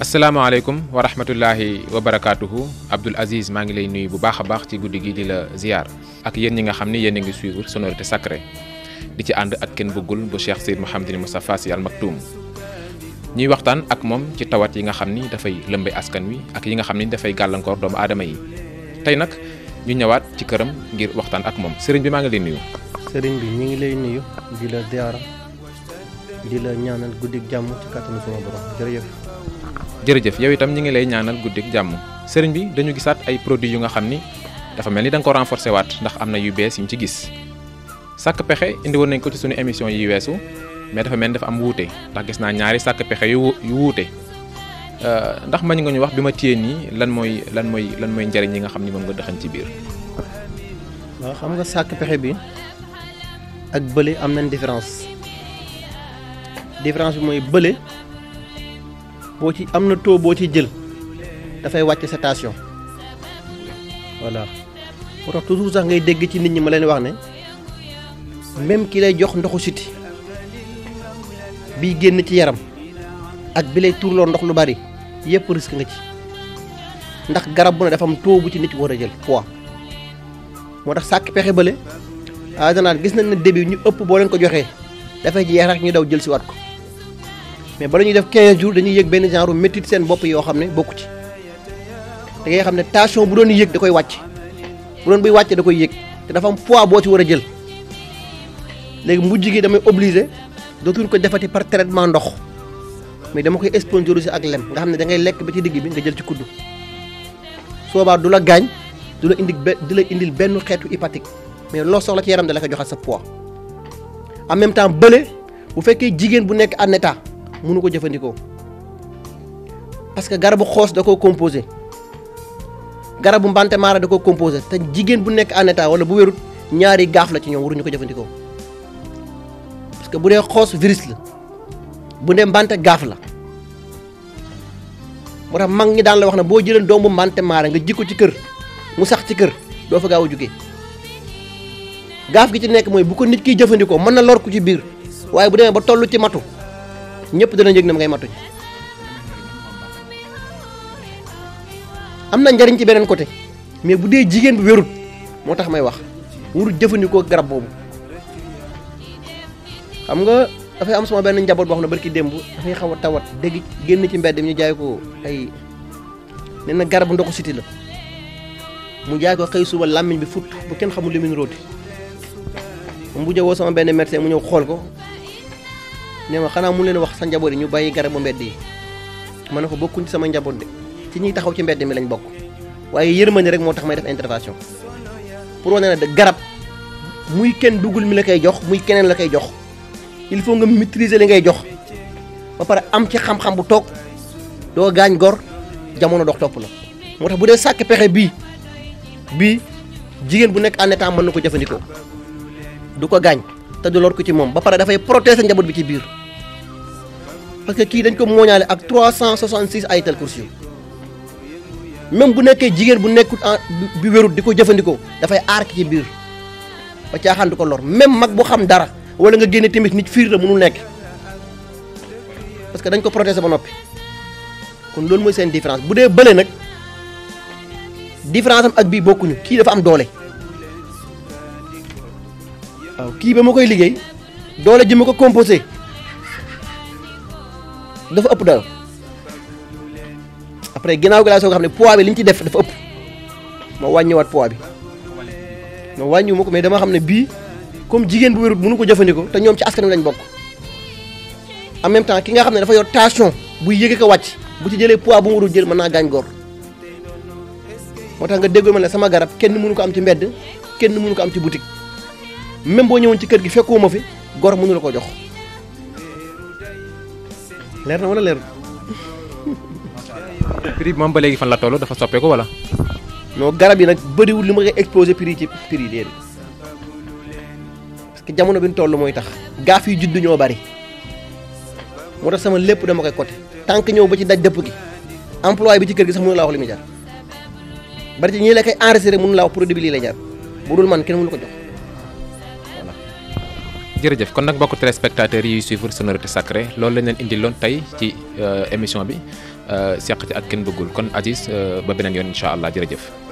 Assalamualaikum warahmatullahi wabarakatuh Abdul Aziz maa ngi lay nuyu bu baax baax ci di la ziar ak yéen ñi nga xam ni yéen ngi suivre sonorité sacrée di ci ànd ak kenn bëggul bu Cheikh Seyd Mouhamadini Al Maktoum ñuy waxtaan ak kita ci tawat yi nga xam ni akhirnya lëmbe askan wi ak yi nga xam ni dafay gàllankoor doomu aadama yi tey nag ñu ñëwaat ci këram ngir waxtaan ak moom sëriñ bi maa ngi lay nuyu. bi ngi lay nuyu di la di la ñaanal guddi jàmm ci kàttanu sama borom jërëjëf jërëjëf yow itam ñi ngi lay ñaanal guddik ak jàmm sëriñ bi dañu gisaat ay produits yu nga xam ni dafa mel ni ko renforcer waat ndax am na yu bees yi ci gis sàkk pexe indi woon nañ ko ci suñu émission yi weesu mais dafa mel dafa am wuute ndax gis naa ñaari sàkk pexe yu yu wuute euh, ndax mañ nga ñu wax bi ma téye nii lan mooy lan mooy lan mooy njariñ yi nga xam ni moom nga dëxañ ci biir. waaw xam nga sàkk pexe bi ak bële am nañ différence différence bi mooy bële boo ci am na taux boo ci jël dafay wàcc sa tension voilà moo tax toujours sax ngay dégg ci nit ñi ma leen wax ne même kii lay jox ndoxu siti biy génn ci yaram ak bi lay turloo ndox lu bari yëpp risque nga ci ndax garab bu ne dafa am bu ci nit war a jël poids moo tax sàkk pexe bële ah gis nañ ne début ñu ëpp boo leen ko joxee dafay jeex rek ñu daw jël si waat ko. mais bala ñuy def 15 jours dañuy yëg benn genre métit seen bopp yoo xam ne bokku ci da ngay xam ne tension bu doon yëg da koy wàcc bu doon buy wàcce da koy yéeg te dafa am poids boo ci war a jël léegi mu gi damay obligé dootul ko defati par traitement ndox mais dama koy sponsoriser ak lem nga xam ne dangay lekk ba ci digg bi nga jël ci kuddu soobaa du la gaañ du la indi du la indil benn xeetu hépatique mais loo soxla ci yaram da la ko sa poids même temps bële bu fekkee jigéen bu nekk en état mënu ko jëfandikoo parce que garabu xoos da koo composé garabu mbante maara da koo composé te jigéen bu nekk en état wala bu wérut ñaari gaaf la ci ñoom waruñu ko jëfandikoo parce que bu dee xoos virus la bu dee mbante gaaf la moo tax mag ñi daan la wax ne boo jëlee doomu mbante maara nga jikko ci kër mu sax ci kër doo fa gaaw a jógee gaaf gi ci nekk mooy bu ko nit kiy jëfandikoo mën na lor ku ci biir waaye bu demee ba tollu ci matu ñëpp danañ yëg ne ngay matuñ am na njariñ ci beneen côté mais bu dee jigéen bu wérut moo tax may wax warut jëfandikoo garab boobu xam nga dafay am sama benn njaboot boo xam ne ki démb dafay xaw a tawat dégg génn ci mbedd mi ñu jaay ko ay nee na garabu ndoxu siti la mu jaay ko xëy suba làmmiñ bi fut bu kenn xamul li mu rooti mu bu jëwoo sama benn médecin mu ñëw xool ko ne ma xanaa mu leen wax sa njabot ñu bayyi garabu mbedd yi ma ne ko bokkuñ sama njabot de ci ñi taxaw ci mbeddi mi lañ bokk waye yërmande rek motax may def intervention pour wane de garab muy ken dugul mi la kay jox muy kenen la kay jox il faut nga maîtriser li ngay jox ba para am ci xam-xam bu tok do gañ gor jamono dox top la motax bu de sak pexé bi bi jigen bu nek en état man nako ko du ko gañ te du lor ko ci mom ba da fay protéger njabot bi ci biir parce que kii dañ ko mooñaale ak 366 ayatal kursi même bu nekkee jigéen bu nekkul bi wérul di ko jëfandikoo dafay aar ki ci biir ba caaxaan du ko lor même mag bu xam dara wala nga génne tamit nit fiir la mënul nekk parce que dañ ko protéger ba noppi kon loolu mooy seen différence bu dee bële nag différence am ak bii bokkuñu kii dafa am doole waaw kii ba ma koy liggéey doole ji ma ko composé dafa ëpp doyoo après ginnaaw glace soo nga xam ne poids bi li ñu ci def dafa ëpp moo wàññiwaat poids bi ma wàññiwu ko mais dama xam ne bii comme jigéen bu wérut mënu ko jëfandikoo te ñoom ci askan wi lañ bokk en même temps ki nga xam ne dafa yor tension buy yëge ko wàcc bu ci jëlee poids mu warul jël mën naa gaañ moo tax nga déggoo ma ne sama garab kenn mënu ko am ci mbedd kenn mënu ko am ci boutique même boo ñëwoon ci kër gi fekkoo ma fi góor mënu la ko jox. leer na wala leer prix mom ba legi fan la tolo dafa ko wala No garab yi nak beuri wul limay exposer exposé prix ci prix leer parce que jamono biñ tolo moy tax gaaf yu judd ñoo bari moo tax sama lepp dama koy côté tank ñew ba ci daj depp gi emploi bi ci kër gi sax mënu la wax limi jaar bari ci ñi la kay enregistrer mënu la wax produit bi li lay jaar budul man kenn mënu ko jox jërëjëf kon nag mbokk téléspectateurs yi suivre sonorité sacré loolu lañ leen indiloon tey ci euh, émission bi euh, seq ci ak kenn bëggul kon Aziz euh, ba beneen yoon incha allah jërëjëf.